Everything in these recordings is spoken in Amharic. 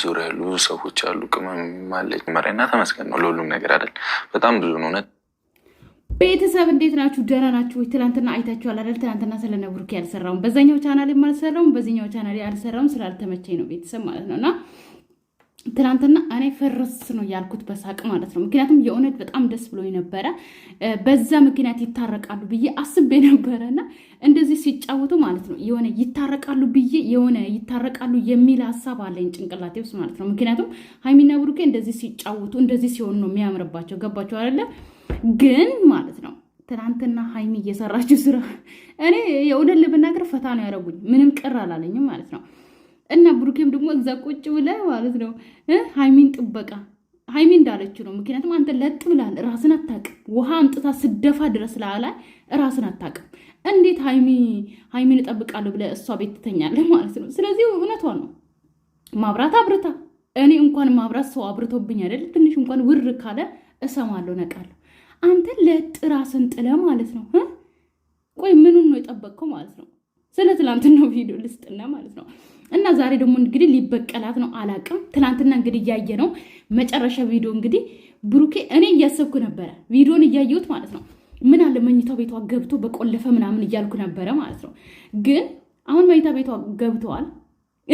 በዙሪያ ያሉ ብዙ ሰዎች አሉ። ቅመም አለች መሪና ተመስገን ነው ለሁሉም ነገር አይደል። በጣም ብዙ ነው እውነት። ቤተሰብ እንዴት ናችሁ? ደህና ናችሁ ወይ? ትናንትና አይታችኋል አይደል? ትናንትና ስለ ነብሩኬ አልሰራውም፣ በዛኛው ቻናል አልሰራውም፣ በዚኛው ቻናል አልሰራውም ስላልተመቸኝ ነው ቤተሰብ ማለት ነው እና ትናንትና እኔ ፍርስ ነው ያልኩት በሳቅ ማለት ነው። ምክንያቱም የእውነት በጣም ደስ ብሎ ነበረ። በዛ ምክንያት ይታረቃሉ ብዬ አስቤ ነበረና እንደዚህ ሲጫወቱ ማለት ነው የሆነ ይታረቃሉ ብዬ የሆነ ይታረቃሉ የሚል ሀሳብ አለኝ ጭንቅላቴ ውስጥ ማለት ነው። ምክንያቱም ሀይሚና ብሩኬ እንደዚህ ሲጫወቱ እንደዚህ ሲሆን ነው የሚያምርባቸው። ገባቸው አይደለ? ግን ማለት ነው ትናንትና ሀይሚ እየሰራችው ስራ እኔ የእውነት ልብናገር ፈታ ነው ያደረጉኝ። ምንም ቅር አላለኝም ማለት ነው እና ብሩኬም ደግሞ እዛ ቁጭ ብለ ማለት ነው ሀይሚን ጥበቃ ሀይሚ እንዳለችው ነው። ምክንያቱም አንተ ለጥ ብላል፣ ራስን አታውቅም። ውሃ አምጥታ ስደፋ ድረስ ላላይ ራስን አታቅም እንዴት ሀይሚ ሀይሚን እጠብቃለሁ ብለ እሷ ቤት ትተኛለህ ማለት ነው። ስለዚህ እውነቷ ነው። ማብራት አብርታ እኔ እንኳን ማብራት ሰው አብርቶብኝ አይደል ትንሽ እንኳን ውር ካለ እሰማለሁ፣ ነቃለሁ። አንተ ለጥ ራስን ጥለ ማለት ነው። ቆይ ምኑን ነው የጠበቅከው ማለት ነው? ስለ ትላንትናው ቪዲዮ ልስጥና ማለት ነው። እና ዛሬ ደግሞ እንግዲህ ሊበቀላት ነው አላቅም። ትላንትና እንግዲህ እያየ ነው መጨረሻ ቪዲዮ እንግዲህ ብሩኬ፣ እኔ እያሰብኩ ነበረ ቪዲዮን እያየሁት ማለት ነው። ምን አለ መኝታ ቤቷ ገብቶ በቆለፈ ምናምን እያልኩ ነበረ ማለት ነው። ግን አሁን መኝታ ቤቷ ገብተዋል።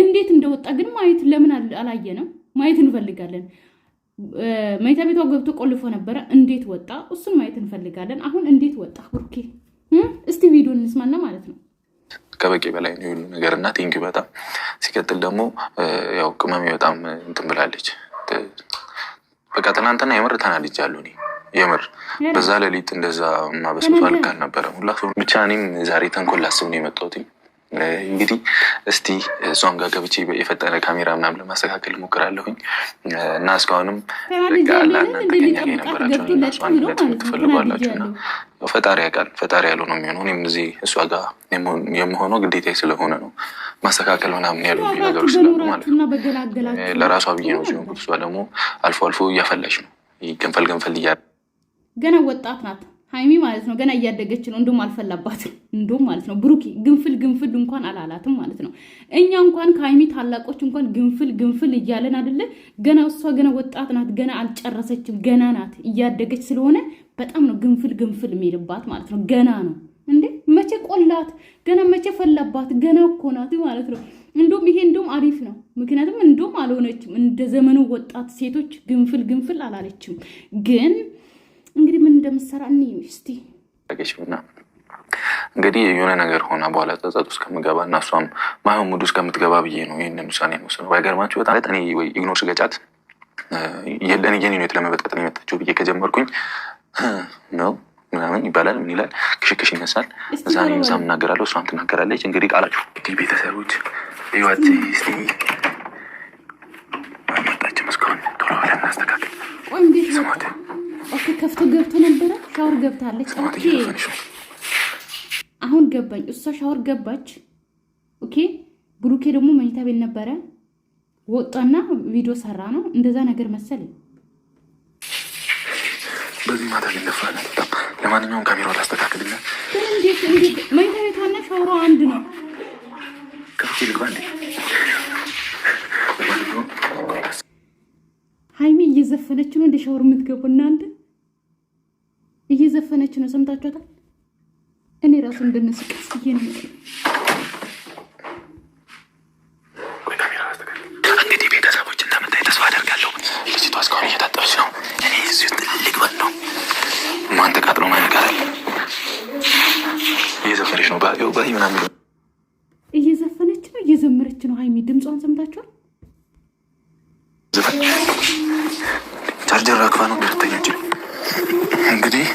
እንዴት እንደወጣ ግን ማየት ለምን አላየንም? ማየት እንፈልጋለን። መኝታ ቤቷ ገብቶ ቆልፎ ነበረ። እንዴት ወጣ? እሱን ማየት እንፈልጋለን። አሁን እንዴት ወጣ ብሩኬ? እስቲ ቪዲዮ እንስማና ማለት ነው ከበቂ በላይ ነው የሁሉ ነገር እና ቴንኪው በጣም ሲቀጥል ደግሞ ያው ቅመሜ በጣም እንትን ብላለች። በቃ ትናንትና የምር ተናድጃለሁ እኔ የምር በዛ ሌሊት እንደዛ ማበስብሶ አልክ አልነበረም ሁላ ብቻ እኔም ዛሬ ተንኮል ላስብ ነው የመጣሁት። እንግዲህ እስቲ እሷን ጋር ገብቼ የፈጠነ ካሜራ ምናምን ለማስተካከል ሞክራለሁኝ እና እስካሁንም ለእናንተ ከኛ ጋር ፈጣሪ ያውቃል። ፈጣሪ ያለው ነው የሚሆነው። እኔም እዚህ እሷ ጋር የምሆነው ግዴታ ስለሆነ ነው። ማስተካከል ምናምን ያሉ ነገሮች ስላሉ ማለት ነው። ለራሷ ብዬ ነው ሲሆን እሷ ደግሞ አልፎ አልፎ እያፈላች ነው። ገንፈል ገንፈል እያ ገና ወጣት ናት። ሀይሚ ማለት ነው ገና እያደገች ነው። እንደውም አልፈላባትም። እንደውም ማለት ነው ብሩኪ ግንፍል ግንፍል እንኳን አላላትም ማለት ነው። እኛ እንኳን ከሀይሚ ታላቆች እንኳን ግንፍል ግንፍል እያለን አደለ ገና እሷ ገና ወጣት ናት። ገና አልጨረሰችም። ገና ናት። እያደገች ስለሆነ በጣም ነው ግንፍል ግንፍል የሚልባት ማለት ነው። ገና ነው እንዴ መቼ ቆላት? ገና መቼ ፈላባት? ገና እኮ ናት ማለት ነው። እንዶም ይሄ እንዶም አሪፍ ነው። ምክንያቱም እንዶም አልሆነችም። እንደ ዘመኑ ወጣት ሴቶች ግንፍል ግንፍል አላለችም ግን እንግዲህ ምን እንደምትሰራ እኔ ሚስቲ እንግዲህ የሆነ ነገር ሆና በኋላ ጸጸት ውስጥ ከምገባ እና እሷም ማይሆን ሙድ ውስጥ ከምትገባ ብዬ ነው ይህንን ውሳኔ የምወስነው። ባይገርማችሁ በጣም እኔ ወይ ኢግኖር ስገጫት የለን የኔ ነው የተለመበጣት ነው የመጣችው ብዬ ከጀመርኩኝ ነው ምናምን ይባላል። ምን ይላል ክሽክሽ ይነሳል። እዛ ምሳ ምናገራለሁ እሷም ትናገራለች። እንግዲህ ቃላችሁ እንግዲህ ቤተሰቦች ህይወት ስ መጣችም እስካሁን ቶሎ ብለን እናስተካክል ስሞትን ከፍቶ ገብቶ ነበረ። ሻወር ገብታለች። ኦኬ አሁን ገባኝ። እሷ ሻወር ገባች። ኦኬ ብሩኬ ደግሞ መኝታ ቤት ነበረ። ወጣና ቪዲዮ ሰራ ነው እንደዛ ነገር መሰል። በዚህ ማታ ግን ለማንኛውም ካሜራ ላስተካክልና እንዴት እንዴት መኝታ ቤቷና ሻወሯ አንድ ነው። ከፍቼ ልግባ እንዴ? ሀይሜ እየዘፈነች ነው እንደ ሻወር የምትገቡ እናንተ እየዘፈነች ነው። ሰምታችኋታል። እኔ ራሱ እንድንስቅ ብዬ ነው እንግዲህ ቤተሰቦች እንደምታይ ተስፋ አደርጋለሁ። ልጅቷ እስካሁን እየታጠበች ነው። እኔ ነው ማን ተቃጥሎ እየዘፈነች ነው። ባይ ባይ ምናምን እየዘፈነች ነው፣ እየዘመረች ነው። ሀይሚ ድምጿን ሰምታችኋል። ቻርጀር አክፋ ነው እንግዲህ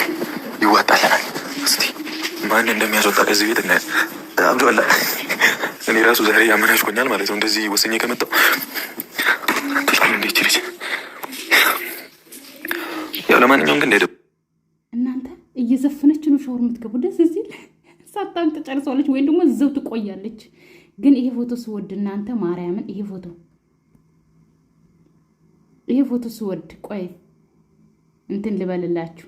ይዋጣልናል። እስቲ ማን እንደሚያስወጣ ከዚህ ቤት እናያል። አብዱላ እኔ ራሱ ዛሬ ያመናሽኮኛል ማለት ነው። እንደዚህ ወሰኜ ከመጣው ተጣል እንደ ይችልች ያው ለማንኛውም ግን ሄደ እናንተ እየዘፈነች ነው ሻወር የምትገቡ ደስ ሲል ሳታን ትጨርሰዋለች ወይም ደግሞ እዛው ትቆያለች። ግን ይሄ ፎቶ ስወድ እናንተ ማርያምን ይሄ ፎቶ ይሄ ፎቶ ስወድ ቆይ እንትን ልበልላችሁ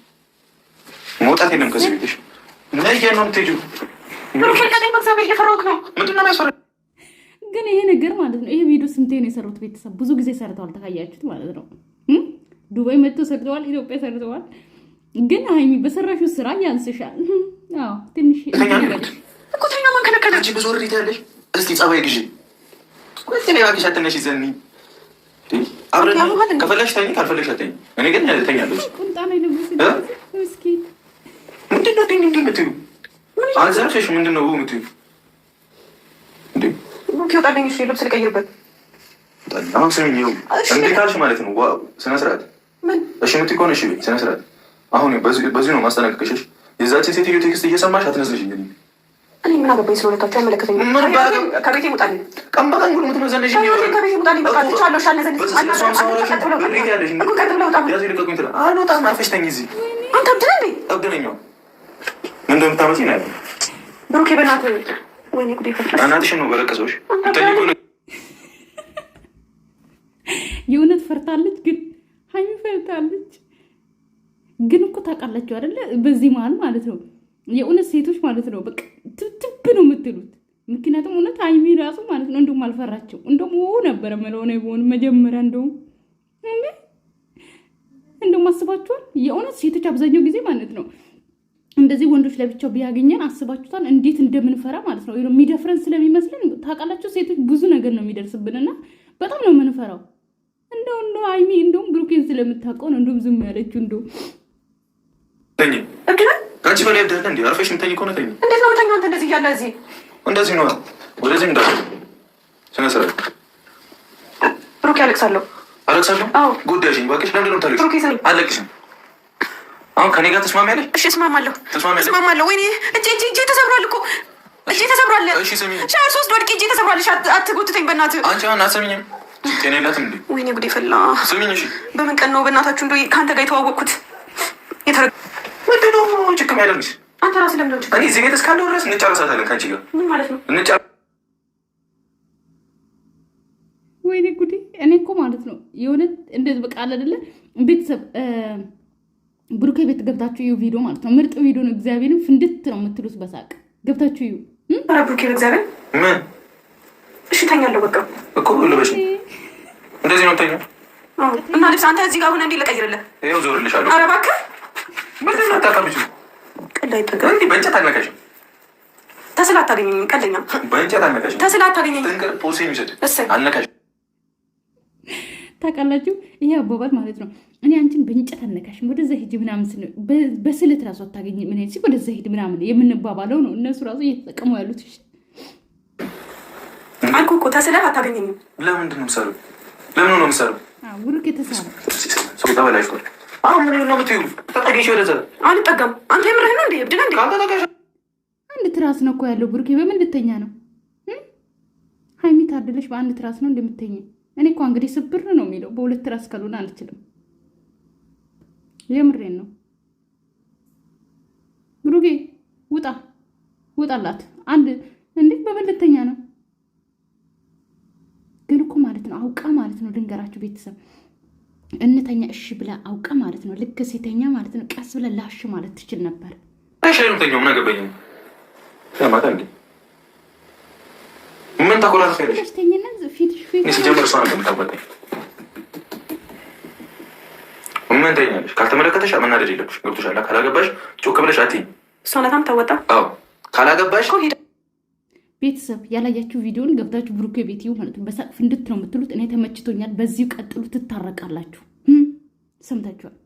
መውጣት የለም ከዚህ ቤትሽ ነው ምትጁ ግን ይሄ ነገር ማለት ነው። ይሄ ቪዲዮ ስንቴ ነው የሰሩት? ቤተሰብ ብዙ ጊዜ ሰርተዋል። ተካያችሁት ማለት ነው። ዱባይ መጥቶ ሰርተዋል፣ ኢትዮጵያ ሰርተዋል። ግን ሀይሚ በሰራሹ ስራ ያንስሻል። ትንሽ ቁተኛ መንከለከላች ብዙ ርሪት ያለሽ እስቲ ጸባይ ግዢ ሁለትን የባኪሻ አትነሽ። ዘኒ አብረን ከፈለሽ ተኝ ካልፈለሽ ተኝ። እኔ ግን ተኛለች ቁንጣ ነው ልብስ እስኪ አልወደድኝ እንዲህ የምትሉ አልዘርፍሽ ምንድን ነው የምትሉ ወጣልኝ። እሺ ልብስ ልቀይርበት። አሁን ስሚኝ፣ እንዴት አልሽ ማለት ነው። ስነ ስርዓት እሺ የምትይ ከሆነ እሺ ስነ ስርዓት። አሁን በዚህ ነው ማስጠናቀቅሽ። የዛችን ሴትዮ ቴክስት እየሰማሽ አትነዝልሽ እኔ ምን አገባኝ? ስለ ሁለታችሁ ከቤቴ ውጣልኝ። ቀን በቀን ጉድ ከቤቴ ውጣልኝ። በቃ ትቻለሽ። እዚህ አንተ ምን እንደምታመጪ ነው ያለው ብሩኬ። በእናትህ ወይኔ ጉዴ ፈላሽ እናትሽ ነው በለቀሰዎች የእውነት ፈርታለች፣ ግን ሀይ ፈርታለች። ግን እኮ ታውቃላችሁ አይደለ? በዚህ መሀል ማለት ነው የእውነት ሴቶች ማለት ነው በቃ ትብትብ ነው የምትሉት። ምክንያቱም እውነት ሀይሚ ራሱ ማለት ነው እንደውም አልፈራቸው እንደውም ነበረ መለሆነ ሆን መጀመሪያ እንደውም እንደውም አስባችኋል። የእውነት ሴቶች አብዛኛው ጊዜ ማለት ነው እንደዚህ ወንዶች ለብቻው ቢያገኘን አስባችሁታል? እንዴት እንደምንፈራ ማለት ነው። የሚደፍረን ስለሚመስለን ታውቃላችሁ፣ ሴቶች ብዙ ነገር ነው የሚደርስብንና በጣም ነው የምንፈራው። እንደው እንደው አይሚ እንደውም ብሩኬን ስለምታውቀው ነው እንደውም ዝም ያለችው። እንደው ከአንቺ በላይ ብድለ እንዲ አርፈሽ የምተኝ ከሆነ ተኝ። እንዴት ነው ተኛ? እንደዚህ እያለ እዚህ እንደዚህ ነው ወደዚህ እንዳ ስነስራ ብሩኬ፣ አለቅሳለሁ አለቅሳለሁ። ጉዳይሽኝ እባክሽ ለምንድነው ታለቅሽ? አለቅሽም አሁን ከኔ ጋር ተስማሚ ያለኝ? እሺ እስማማለሁ፣ እስማማለሁ። ወይኔ እጄ እጄ እጄ ተሰብሯል እኮ እጄ ተሰብሯል። እሺ ስሚ፣ ሻር ሶስት ወድቄ እጄ ተሰብሯል። አትጎትተኝ በእናትህ። አንቺ አሁን አትሰሚኝም? ጤና የላትም እንዴ? ወይኔ ጉዴ ፈላ። ስሚኝ፣ እሺ በምን ቀን ነው በእናታችሁ እንደ ከአንተ ጋር የተዋወቅኩት? የተረ ምንድን ነው ችግር ያለብሽ አንተ ራስህ ለምንድን ነው ችግር? እኔ እዚህ ቤት እስካለሁ ድረስ እንጨርሳታለን ከአንቺ ጋር። ምን ማለት ነው እንጨር ወይኔ ጉዴ። እኔ እኮ ማለት ነው የሆነ እንደዚህ በቃል አለ አይደለ ቤተሰብ ብሩኬ ቤት ገብታችሁ ይኸው ቪዲዮ ማለት ነው። ምርጥ ቪዲዮ ነው። እግዚአብሔርን ፍንድት ነው የምትሉት በሳቅ ገብታችሁ ይኸው። ብሩኬ እግዚአብሔር ምን እሺ፣ በቃ እንደዚህ ነው እና ልብስ አንተ እዚህ ጋር ተስላ አታገኘኝም። ቀለኛ በእንጨት አነካሽ ተስላ አታገኘኝም። ታውቃላችሁ። ይሄ አባባል ማለት ነው እኔ አንቺን በእንጨት አነካሽም ወደዛ ሂድ ምናምን በስለት ራሱ አታገኝ ምን ሲ ወደዛ ሂድ ምናምን የምንባባለው ነው። እነሱ ራሱ እየተጠቀሙ ያሉት አልኩህ እኮ ተስለህ አታገኘኝም። ለምንድን ነው የምሰሩ? ለምን ነው የምሰሩ? ብሩክ የተሳለ አንድ ትራስ ነው እኮ ያለው ብሩኬ። በምን ልተኛ ነው? ሀይሚ ታደለሽ። በአንድ ትራስ ነው እንደምተኝ እኔ እኳ እንግዲህ ስብር ነው የሚለው። በሁለት ትራስ ካልሆነ አልችልም። የምሬን ነው። ብሩጌ ውጣ ውጣላት። አንድ እንዴት በበለተኛ ነው ግን እኮ ማለት ነው አውቃ ማለት ነው። ልንገራችሁ ቤተሰብ እንተኛ እሺ ብላ አውቃ ማለት ነው። ልክ ሴተኛ ማለት ነው። ቀስ ብለ ላሽ ማለት ትችል ነበር። አይሻይምተኛው ምን አገባኝ ማታ እንዴ ምን ታቆላሽ ተኝነት ፊት ሲጀምር ሰ ምታወጣኝ ምን ታይኛለሽ? ካልተመለከተሽ መናደድ የለብሽ። ገብቶሻል። ካላገባሽ ጮክ ብለሽ አትይኝ። እሷነታም ተወጣ። አዎ ካላገባሽ ቤተሰብ ያላያችሁ ቪዲዮን ገብታችሁ ብሩኬ ቤት ይሁ ማለት ነው። በሳቅ ፍንድት ነው የምትሉት። እኔ ተመችቶኛል። በዚሁ ቀጥሉ፣ ትታረቃላችሁ። ሰምታችኋል።